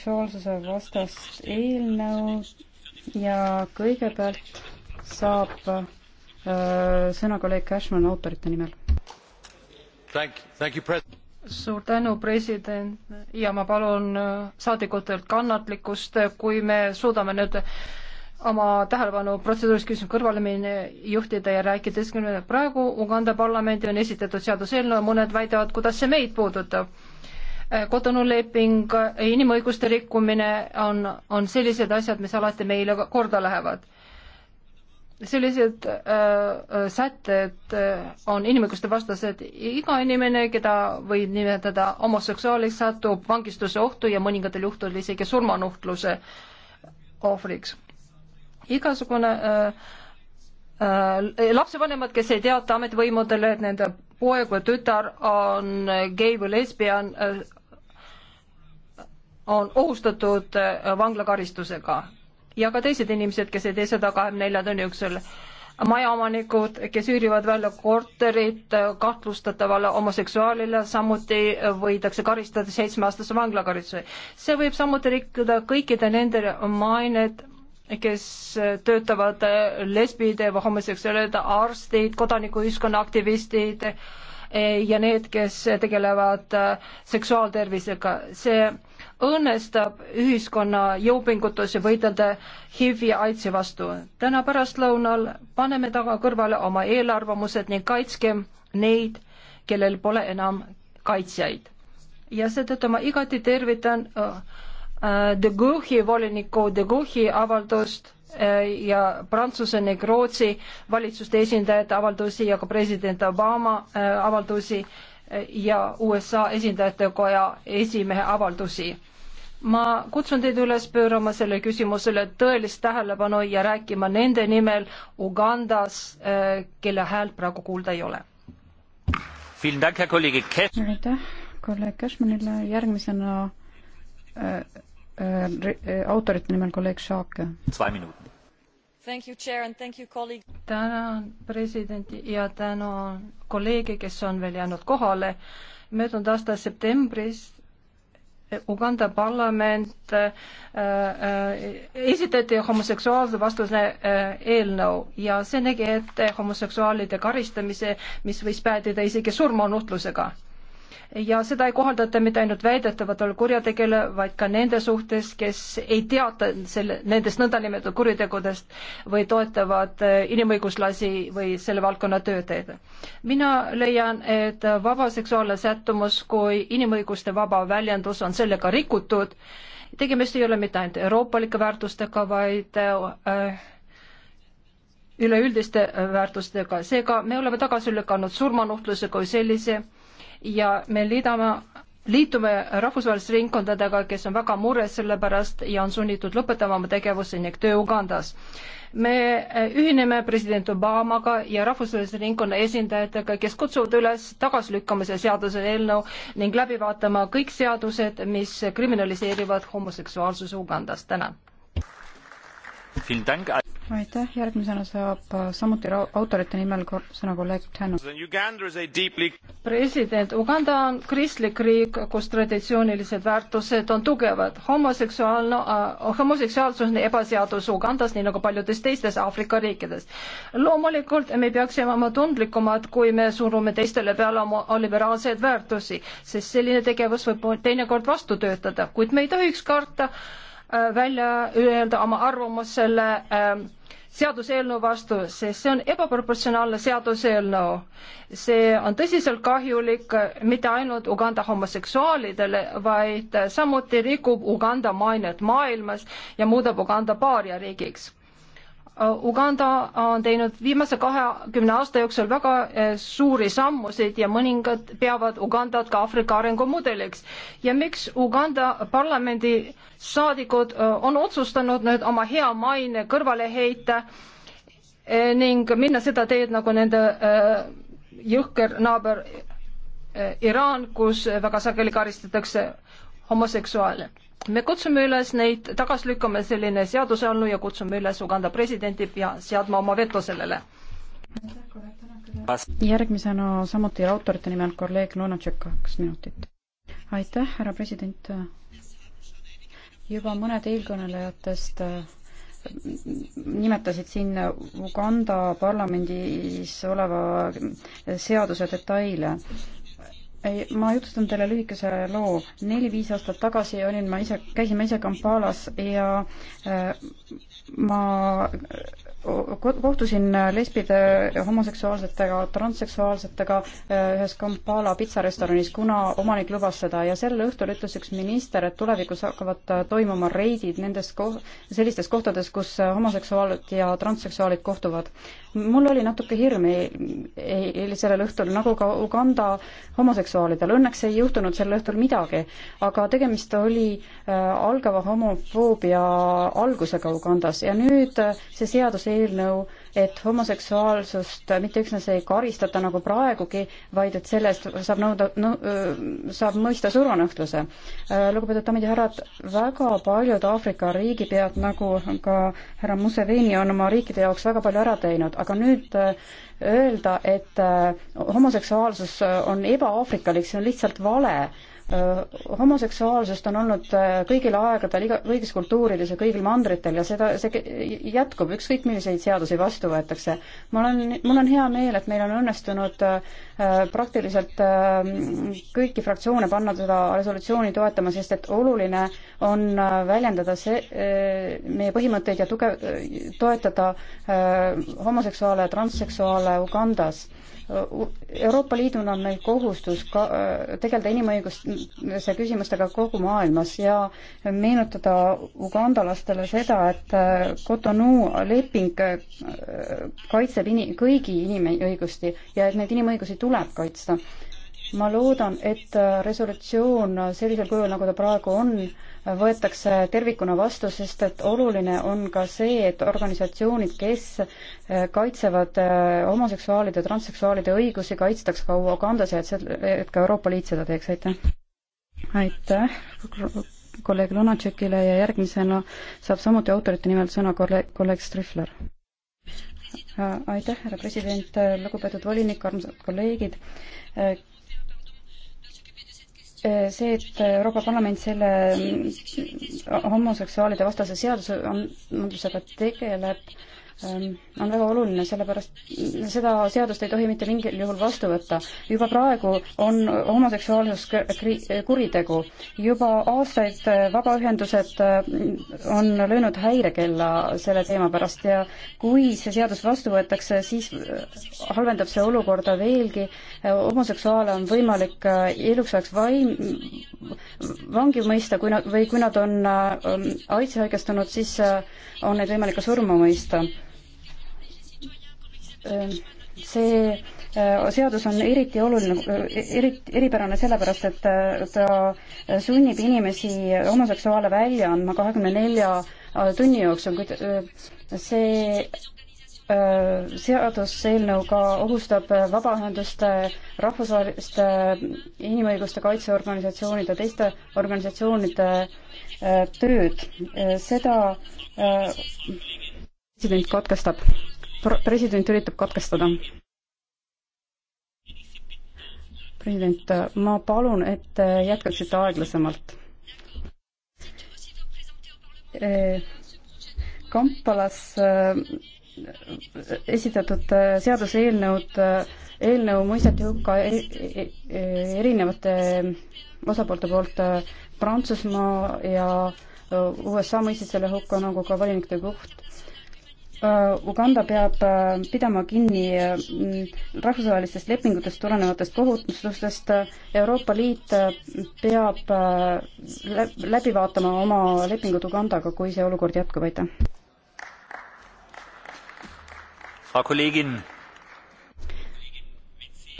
seksuaalsuse vastast eelnõu ja kõigepealt saab öö, äh, sõna kolleeg Cashman autorite nimel. suur tänu, president, ja ma palun äh, saadikutelt kannatlikkust, kui me suudame nüüd oma tähelepanu protseduurilist küsimust kõrvale minna, juhtida ja rääkida. praegu Uganda parlamendi on esitatud seaduseelnõu, mõned väidavad, kuidas see meid puudutab kodanuleping, äh, äh, inimõiguste rikkumine on, on sellised asjad, mis alati meile korda lähevad. sellised äh, äh, sätted äh, on inimõiguste vastased, iga inimene, keda võib nimetada homoseksuaaliks, satub vangistuse ohtu ja mõningatel juhtudel isegi surmanuhtluse ohvriks. igasugune äh, äh, lapsevanemad, kes ei teata ametivõimudele, et nende poeg või tütar on gei või lesbian, on ohustatud äh, vanglakaristusega ja ka teised inimesed, kes ei tee seda kahekümne nelja tunni jooksul. majaomanikud, kes üürivad välja korterit äh, kahtlustatavale homoseksuaalile, samuti äh, võidakse karistada seitsmeaastase vanglakaristuse. see võib samuti rikkuda kõikide nende mained, kes töötavad lesbide või homoseksuaalide arstid, kodanikuühiskonna aktivistid ja need, kes tegelevad seksuaaltervisega. see õõnestab ühiskonna jõupingutusi võidelda HIV ja AIDSi vastu. täna pärastlõunal paneme taga kõrvale oma eelarvamused ning kaitskem neid, kellel pole enam kaitsjaid. ja seetõttu ma igati tervitan äh, äh, De Guchi voliniku De Guchi avaldust äh, ja Prantsuse ning Rootsi valitsuste esindajate avaldusi ja ka president Obama avaldusi ja USA esindajate koja esimehe avaldusi ma kutsun teid üles pöörama selle küsimusele tõelist tähelepanu ja rääkima nende nimel Ugandas, äh, kelle häält praegu kuulda ei ole. aitäh kolleeg Cashmanile, järgmisena äh, äh, autorite nimel kolleeg Šaake. tänan presidenti ja tänan kolleege, kes on veel jäänud kohale. möödunud aasta septembris Uganda parlament äh, äh, esitati homoseksuaalse vastuse äh, eelnõu ja see nägi ette homoseksuaalide karistamise, mis võis päädida isegi surmanuhtlusega ja seda ei kohaldata mitte ainult väidetavatele kurjategijale, vaid ka nende suhtes, kes ei teata selle, nendest nõndanimetatud kuritegudest või toetavad äh, inimõiguslasi või selle valdkonna töötajaid. mina leian, et vaba seksuaalne sättumus kui inimõiguste vaba väljendus on sellega rikutud. tegemist ei ole mitte ainult euroopalike väärtustega, vaid äh, üleüldiste väärtustega, seega me oleme tagasi lükanud surmanuhtluse kui sellise ja me liidame liitume rahvusvaheliste ringkondadega, kes on väga mures selle pärast ja on sunnitud lõpetama oma tegevuse ning töö Ugandas. me eh, ühineme president Obamaga ja rahvusvahelise ringkonna esindajatega, kes kutsuvad üles tagasi lükkama see seaduseelnõu ning läbi vaatama kõik seadused, mis kriminaliseerivad homoseksuaalsuse Ugandas. tänan aitäh, järgmisena saab äh, samuti autorite nimel sõna kolleeg Tänu. president, Uganda on kristlik riik, kus traditsioonilised väärtused on tugevad. homoseksuaalne äh,, homoseksuaalsus on ebaseadus Ugandas, nii nagu paljudes teistes Aafrika riikides. loomulikult me peaksime olema tundlikumad, kui me surume teistele peale oma liberaalseid väärtusi, sest selline tegevus võib teinekord vastu töötada, kuid me ei tohiks karta äh, välja öelda oma arvamust selle äh, seaduseelnõu vastu, sest see on ebaproportsionaalne seaduseelnõu. see on tõsiselt kahjulik mitte ainult Uganda homoseksuaalidele, vaid samuti rikub Uganda mainet maailmas ja muudab Uganda paariariigiks Uganda on teinud viimase kahekümne aasta jooksul väga eh, suuri sammusid ja mõningad peavad Ugandat ka Aafrika arengumudeliks. ja miks Uganda parlamendi saadikud eh, on otsustanud nüüd oma hea maine kõrvale heita eh, ning minna seda teed nagu nende jõhker naaber Iraan, kus väga sageli karistatakse homoseksuaale me kutsume üles neid, tagasi lükkame selline seaduseannu ja kutsume üles Uganda presidenti pea seadma oma veto sellele. järgmisena samuti autorite nimel kolleeg Lunatšek, kaks minutit. aitäh, härra president. juba mõned eelkõnelejatest äh, nimetasid siin Uganda parlamendis oleva seaduse detaile ma jutustan teile lühikese loo. neli-viis aastat tagasi olin ma ise, käisin ma ise Kampalas ja äh, ma kohtusin lesbide, homoseksuaalsetega, transseksuaalsetega eh, ühes Kampala pitsarestoranis, kuna omanik lubas seda ja sel õhtul ütles üks minister, et tulevikus hakkavad eh, toimuma reidid nendes koht-, sellistes kohtades, kus eh, homoseksuaalid ja transseksuaalid kohtuvad. mul oli natuke hirm e-, e-, e-, sellel õhtul, nagu ka Uganda homoseksuaalidel. Õnneks ei juhtunud sel õhtul midagi, aga tegemist oli algava homofoobia algusega Ugandas ja nüüd see seadus see eelnõu, et homoseksuaalsust mitte üksnes ei karistata nagu praegugi, vaid et selle eest saab nõuda no,, saab mõista surmanuhtluse. lugupeetud daamid ja härrad, väga paljud Aafrika riigipead, nagu ka härra Museveni, on oma riikide jaoks väga palju ära teinud, aga nüüd öelda, et homoseksuaalsus on ebaaafrikalik, see on lihtsalt vale Äh, homoseksuaalsust on olnud äh, kõigil aegadel, iga, kõigis kultuurides ja kõigil mandritel ja seda, see jätkub, ükskõik milliseid seadusi vastu võetakse. ma olen, mul on hea meel, et meil on õnnestunud äh, praktiliselt kõiki fraktsioone panna seda resolutsiooni toetama, sest et oluline on väljendada see, meie põhimõtteid ja tuge-, toetada homoseksuaale ja transseksuaale Ugandas Euroopa Liidul on meil kohustus ka äh, tegeleda inimõiguste küsimustega kogu maailmas ja meenutada ugandalastele seda, et äh, Cotonou leping äh, kaitseb ini, kõigi inimõigusti ja et neid inimõigusi tuleb kaitsta. ma loodan, et resolutsioon sellisel kujul, nagu ta praegu on, võetakse tervikuna vastu, sest et oluline on ka see, et organisatsioonid, kes eh, kaitsevad eh, homoseksuaalide, transseksuaalide õigusi, kaitstaks ka Ugandas ja et see, et ka Euroopa Liit seda teeks, aitäh! aitäh kolleeg Lunatšekile ja järgmisena saab samuti autorite nimel sõna kolleeg, kolleeg Strihler. Äh, aitäh, härra president, lugupeetud volinik, armsad kolleegid! Äh, Äh, see, et Euroopa Parlament selle mm, homoseksuaalide vastase seaduse andlusega tegeleb, Ehm, on väga oluline, sellepärast seda seadust ei tohi mitte mingil juhul vastu võtta. juba praegu on homoseksuaalsus kuritegu. juba aastaid äh, vabaühendused äh, on löönud häirekella selle teema pärast ja kui see seadus vastu võetakse, siis äh, halvendab see olukorda veelgi. homoseksuaale on võimalik eluks ajaks vaim-, vangi mõista, kui nad, või kui nad on aidsi haigestunud, siis on neid võimalik ka surma mõista see äh, seadus on eriti oluline, äh, eriti, eripärane sellepärast, et äh, ta sunnib inimesi homoseksuaale välja andma kahekümne nelja tunni jooksul, kuid see seaduseelnõuga ohustab vabaühenduste, rahvusvaheliste inimõiguste kaitseorganisatsioonide, teiste organisatsioonide tööd. seda president katkestab president üritab katkestada. president, ma palun, et te jätkaksite aeglasemalt. Kampalas äh, esitatud äh, seaduseelnõud, äh, eelnõu mõisteti hukka e-, e-, e-, erinevate osapoolte poolt Prantsusmaa ja USA mõistis selle hukka, nagu ka volinik de Gucht Äh, Uganda peab äh, pidama kinni äh, rahvusvahelistest lepingutest tulenevatest kohutustest. Euroopa Liit peab läbi vaatama oma lepingud Ugandaga, kui see olukord jätkub, aitäh.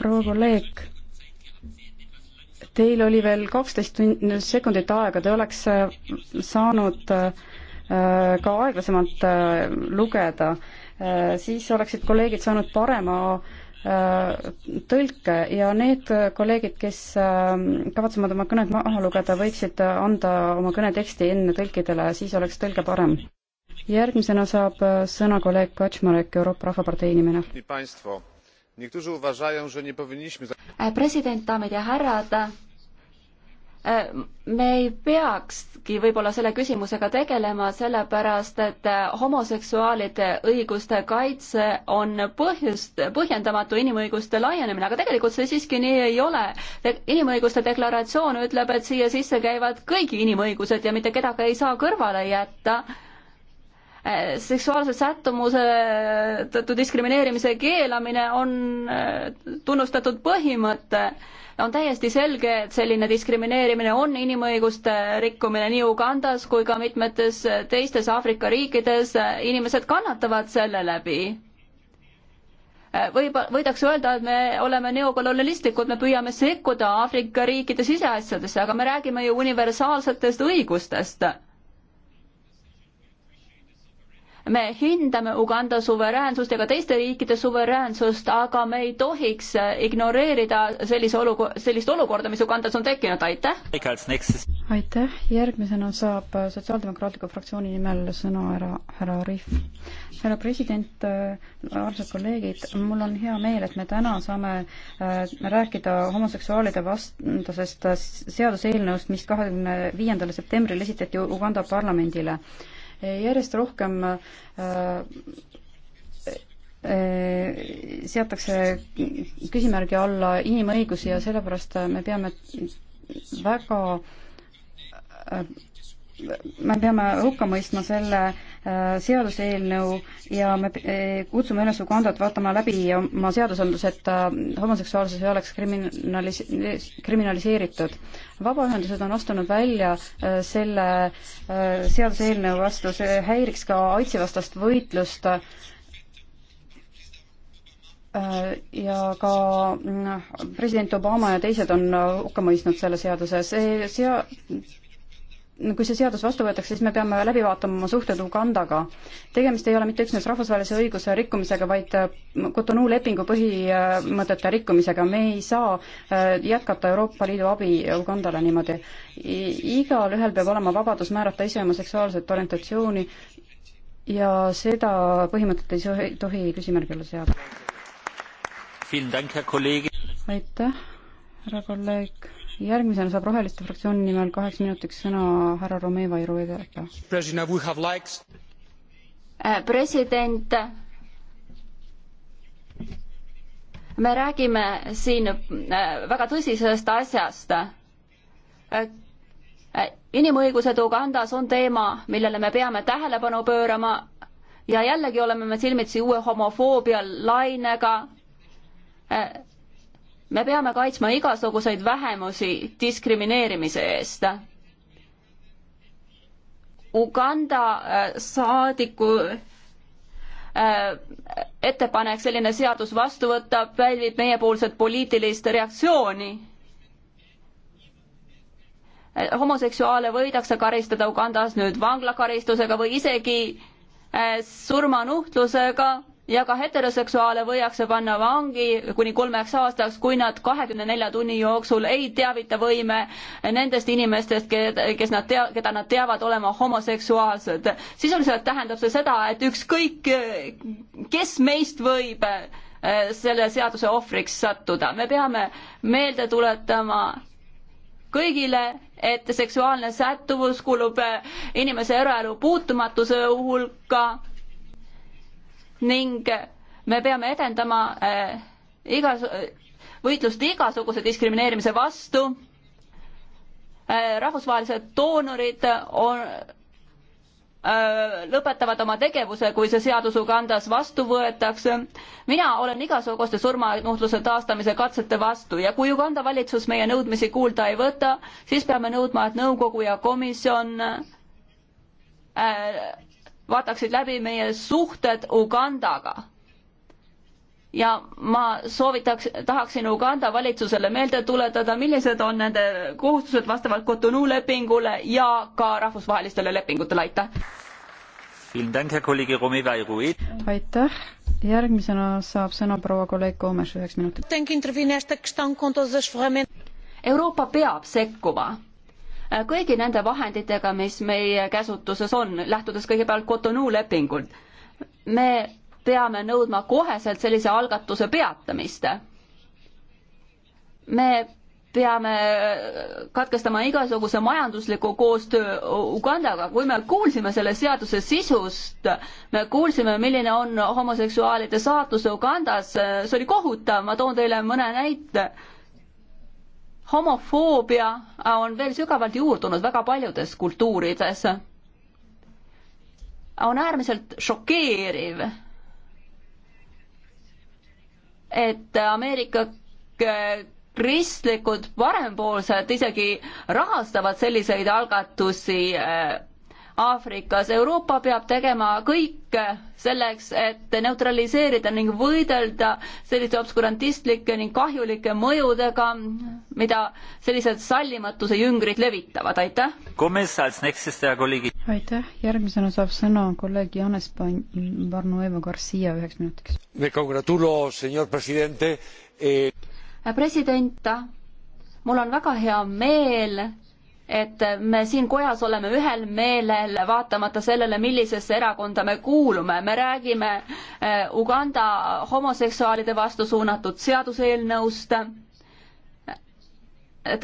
proua kolleeg, teil oli veel kaksteist sekundit aega, te oleks saanud äh, Äh, ka aeglasemalt äh, lugeda, äh, siis oleksid kolleegid saanud parema tõlke ja need kolleegid, kes kavatsevad oma kõned maha lugeda, võiksid anda oma kõne teksti enne tõlkidele, siis oleks tõlge parem. järgmisena saab sõna kolleeg Kaczmarek Euroopa Rahvapartei inimene. president, daamid ja härrad, Äh, me ei peakski võib-olla selle küsimusega tegelema, sellepärast et äh, homoseksuaalide õiguste kaitse on põhjust, põhjendamatu inimõiguste laienemine, aga tegelikult see siiski nii ei ole. inimõiguste deklaratsioon ütleb, et siia sisse käivad kõigi inimõigused ja mitte kedagi ei saa kõrvale jätta äh, seksuaalse sättumuse tõttu diskrimineerimise keelamine on tunnustatud põhimõte on täiesti selge, et selline diskrimineerimine on inimõiguste rikkumine nii Ugandas kui ka mitmetes teistes Aafrika riikides. inimesed kannatavad selle läbi võib, võidakse öelda, et me oleme neokolonialistlikud, me püüame sekkuda Aafrika riikide siseasjadesse, aga me räägime ju universaalsetest õigustest me hindame Uganda suveräänsust ja ka teiste riikide suveräänsust, aga me ei tohiks ignoreerida sellise olukorra, sellist olukorda, mis Ugandas on tekkinud, aitäh! aitäh, järgmisena saab Sotsiaaldemokraatliku fraktsiooni nimel sõna ära härra Arif. härra president, armsad kolleegid, mul on hea meel, et me täna saame äh, rääkida homoseksuaalide vastasest seaduseelnõust, mis kahekümne viiendal septembril esitati Uganda parlamendile järjest rohkem äh, äh, seatakse küsimärgi alla inimõigusi ja sellepärast me peame väga äh, me peame hukka mõistma selle äh, seaduseelnõu ja me äh, kutsume üles Ugandat vaatama läbi oma seadusandlus, et äh, homoseksuaalsus ei oleks kriminalis-, kriminaliseeritud. vabaühendused on astunud välja selle seaduseelnõu vastu, see häiriks ka AIDSi vastast võitlust ja ka mm, president Obama ja teised on hukka mõistnud selle seaduse, see sea-, kui see seadus vastu võetakse, siis me peame läbi vaatama oma suhted Ugandaga. tegemist ei ole mitte üksnes rahvusvahelise õiguse rikkumisega, vaid äh, Cotonou lepingu põhimõtete rikkumisega. me ei saa äh, jätkata Euroopa Liidu abi Ugandale niimoodi. igalühel peab olema vabadus määrata ise oma seksuaalset orientatsiooni ja seda põhimõtet ei tohi küsimärgi alla seada. aitäh, härra kolleeg järgmisena saab Roheliste fraktsiooni nimel kaheks minutiks sõna härra Romeva Iruedeta. Äh, president, me räägime siin äh, väga tõsisest asjast. Äh, inimõigused Ugandas on teema, millele me peame tähelepanu pöörama ja jällegi oleme me silmitsi uue homofoobia lainega me peame kaitsma igasuguseid vähemusi diskrimineerimise eest. Uganda äh, saadiku äh, ettepanek selline seadus vastu võtta pälvib meiepoolset poliitilist reaktsiooni. Äh, homoseksuaale võidakse karistada Ugandas nüüd vanglakaristusega või isegi surmanuhtlusega ja ka heteroseksuaale võidakse panna vangi kuni kolmeks aastaks, kui nad kahekümne nelja tunni jooksul ei teavita võime nendest inimestest, kes nad tea-, keda nad teavad olema homoseksuaalsed. sisuliselt tähendab see seda, et ükskõik, kes meist võib eh, selle seaduse ohvriks sattuda, me peame meelde tuletama kõigile, et seksuaalne sättuvus kuulub eh, inimese eraelu puutumatuse hulka ning me peame edendama äh, igas-, võitlust igasuguse diskrimineerimise vastu. Äh, rahvusvahelised doonorid on, äh, lõpetavad oma tegevuse, kui see seadus Ugandas vastu võetakse. mina olen igasuguste surmanuhtluse taastamise katsete vastu ja kui Uganda valitsus meie nõudmisi kuulda ei võta, siis peame nõudma, et nõukogu ja komisjon vaataksid läbi meie suhted Ugandaga. ja ma soovitaks, tahaksin Uganda valitsusele meelde tuletada, millised on nende kohustused vastavalt Cotonou lepingule ja ka rahvusvahelistele lepingutele, aitäh! aitäh, järgmisena saab sõna proua kolleeg Koomes üheks minutiks. Euroopa peab sekkuma Äh, kõigi nende vahenditega, mis meie käsutuses on, lähtudes kõigepealt Cotonou lepingult. me peame nõudma koheselt sellise algatuse peatamist. me peame katkestama igasuguse majandusliku koostöö Ugandaga. kui me kuulsime selle seaduse sisust, me kuulsime, milline on homoseksuaalide saatus Ugandas, see oli kohutav, ma toon teile mõne näite homofoobia on veel sügavalt juurdunud väga paljudes kultuurides. on äärmiselt šokeeriv, et Ameerika kristlikud parempoolsed isegi rahastavad selliseid algatusi äh, Aafrikas. Euroopa peab tegema kõik selleks, et neutraliseerida ning võidelda selliste obskurantistlike ning kahjulike mõjudega, mida sellised sallimatuse jüngrid levitavad, aitäh! aitäh, järgmisena saab sõna kolleeg Janes Barnueva Garcia üheks minutiks. Eh president, mul on väga hea meel et me siin kojas oleme ühel meelel, vaatamata sellele, millisesse erakonda me kuulume. me räägime eh, Uganda homoseksuaalide vastu suunatud seaduseelnõust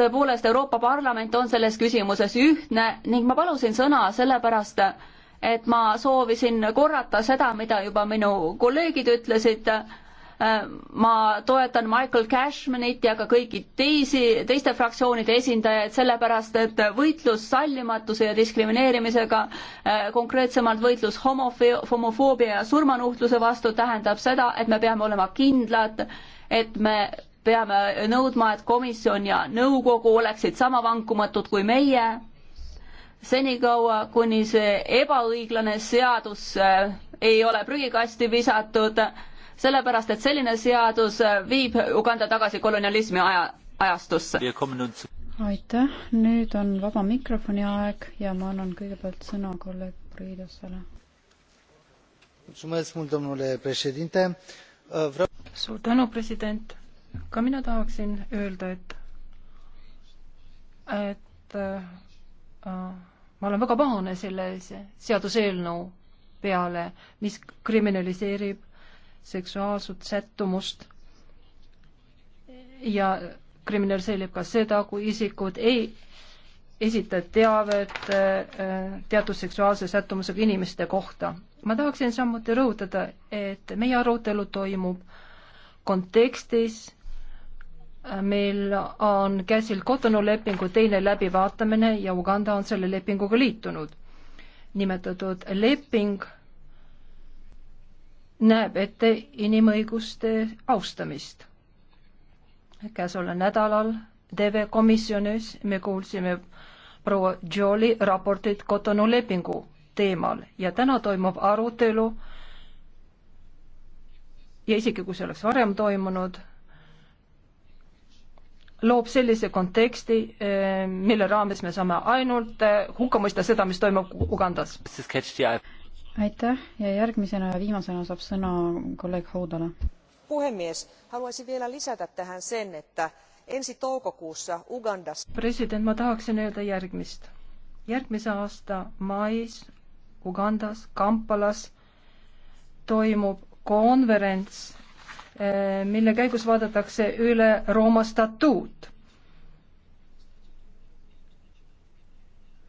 tõepoolest Euroopa Parlament on selles küsimuses ühtne ning ma palusin sõna sellepärast, et ma soovisin korrata seda, mida juba minu kolleegid ütlesid Äh, ma toetan Michael Cashmanit ja ka kõiki teisi, teiste fraktsioonide esindajaid, sellepärast et võitlus sallimatuse ja diskrimineerimisega, äh, konkreetsemalt võitlus homofoobia ja surmanuhtluse vastu tähendab seda, et me peame olema kindlad, et me peame nõudma, et komisjon ja nõukogu oleksid sama vankumatud kui meie, senikaua, kuni see ebaõiglane seadus äh, ei ole prügikasti visatud sellepärast et selline seadus viib Uganda tagasi kolonialismi aja, ajastusse. aitäh, nüüd on vaba mikrofoni aeg ja ma annan kõigepealt sõna kolleeg Priidosele. suur tänu, president. ka mina tahaksin öelda, et, et äh, äh ma olen väga pahane selle seaduseelnõu peale, mis kriminaliseerib seksuaalset sättumust ja kriminaliseerib ka seda, kui isikud ei esita teavet äh, teatud seksuaalse sättumusega inimeste kohta. ma tahaksin samuti rõhutada, et meie arutelu toimub kontekstis, äh, meil on käsil Cotonou lepingu teine läbivaatamine ja Uganda on selle lepinguga liitunud. nimetatud leping näeb ette inimõiguste austamist. käesoleval nädalal TV komisjonis me kuulsime proua Jolie raportit Cotonou lepingu teemal ja täna toimub arutelu ja isegi kui see oleks varem toimunud, loob sellise konteksti, eh, mille raames me saame ainult eh, hukka mõista seda, mis toimub Ugandas aitäh ja järgmisena ja viimasena saab sõna kolleeg Haudala. puhemees, haluaisin vielä lisada tähän sen, että ensi toukokuussa Ugandas. president, ma tahaksin öelda järgmist. järgmise aasta mais Ugandas, Kampalas toimub konverents, eh, mille käigus vaadatakse üle Rooma statuut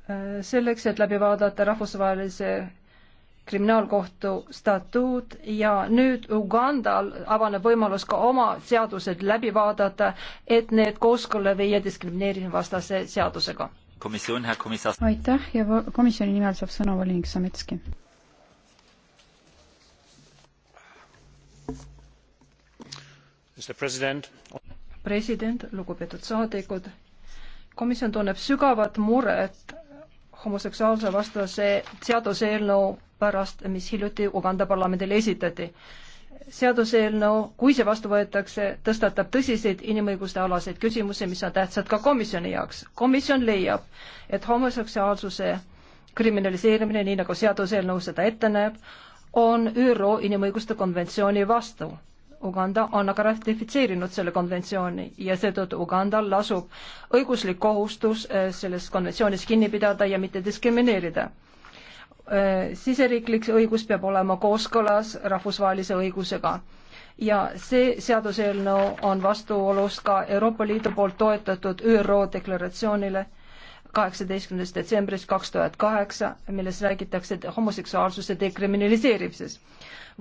eh, selleks, et läbi vaadata rahvusvahelise kriminaalkohtu statuut ja nüüd Ugandal avaneb võimalus ka oma seadused läbi vaadata, et need kooskõlla viia diskrimineerimise vastase seadusega. aitäh ja komisjoni nimel saab sõna volinik Sametski. president, president, lugupeetud saadikud, komisjon tunneb sügavat muret homoseksuaalse vastase seaduseelnõu pärast, mis hiljuti Uganda parlamendile esitati. seaduseelnõu, kui see vastu võetakse, tõstatab tõsiseid inimõiguste alaseid küsimusi, mis on tähtsad ka komisjoni jaoks. komisjon leiab, et homoseksuaalsuse kriminaliseerimine, nii nagu seaduseelnõu seda ette näeb, on ÜRO inimõiguste konventsiooni vastu Uganda on aga ratifitseerinud selle konventsiooni ja seetõttu Ugandal lasub õiguslik kohustus äh, sellest konventsioonist kinni pidada ja mitte diskrimineerida. Äh, siseriiklik õigus peab olema kooskõlas rahvusvahelise õigusega. ja see seaduseelnõu on vastuolus ka Euroopa Liidu poolt toetatud ÜRO deklaratsioonile kaheksateistkümnendast detsembrist kaks tuhat kaheksa, milles räägitakse homoseksuaalsuse dekriminaliseerimises.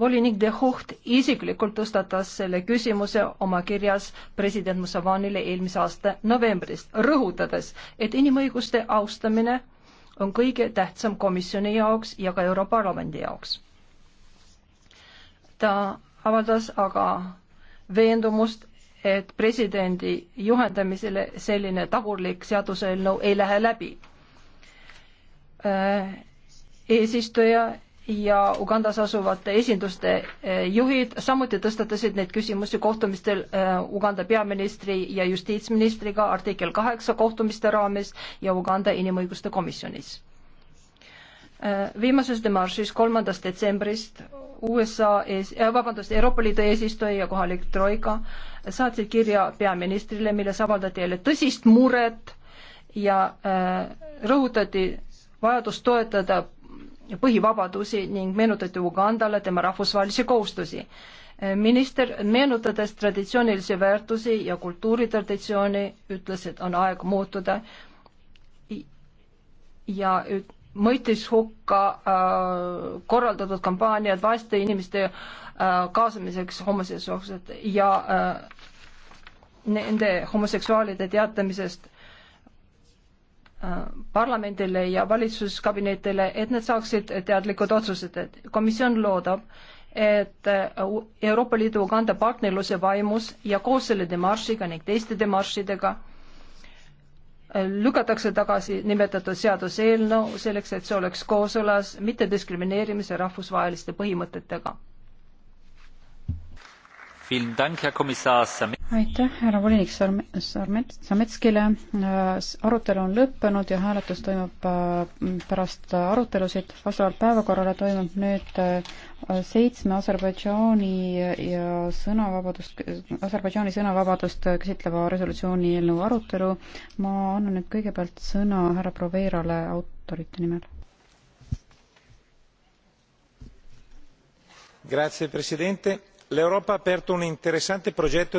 volinik de Hucht isiklikult tõstatas selle küsimuse oma kirjas president Mussavanile eelmise aasta novembrist, rõhutades, et inimõiguste austamine on kõige tähtsam komisjoni jaoks ja ka Europarlamendi jaoks. ta avaldas aga veendumust, et presidendi juhendamisele selline tagurlik seaduseelnõu ei lähe läbi. Äh, eesistuja ja Ugandas asuvate esinduste eh, juhid samuti tõstatasid neid küsimusi kohtumistel eh, Uganda peaministri ja justiitsministriga artikkel kaheksa kohtumiste raames ja Uganda inimõiguste komisjonis. Eh, viimases demarsis kolmandast detsembrist USA ees, vabandust, Euroopa Liidu eesistuja ja kohalik troika saatsid kirja peaministrile, milles avaldati jälle tõsist muret ja rõhutati vajadust toetada põhivabadusi ning meenutati Ugandale tema rahvusvahelisi kohustusi. minister, meenutades traditsioonilisi väärtusi ja kultuuritraditsiooni, ütles, et on aeg muutuda ja mõistis hukka äh, korraldatud kampaaniad vaeste inimeste äh, kaasamiseks homoseksuaalsete ja äh, nende homoseksuaalide teatamisest Äh, parlamendile ja valitsuskabinetile, et nad saaksid teadlikud otsused, et komisjon loodab, et äh, Euroopa Liidu Uganda partnerluse vaimus ja koos selle demarssiga ning teiste demarssidega äh, lükatakse tagasi nimetatud seaduseelnõu selleks, et see oleks kooskõlas mittediskrimineerimise rahvusvaheliste põhimõtetega aitäh härra volinik Sarmetskile, arutelu on lõppenud ja hääletus toimub äh, pärast arutelusid, vastavalt päevakorrale toimub nüüd äh, seitsme Aserbaidžaani ja sõnavabadust, Aserbaidžaani sõnavabadust käsitleva resolutsiooni eelnõu arutelu. ma annan nüüd kõigepealt sõna härra Proveerale autorite nimel. Grazie Presidente l'europa ha aperto un interessante progetto di cooperazione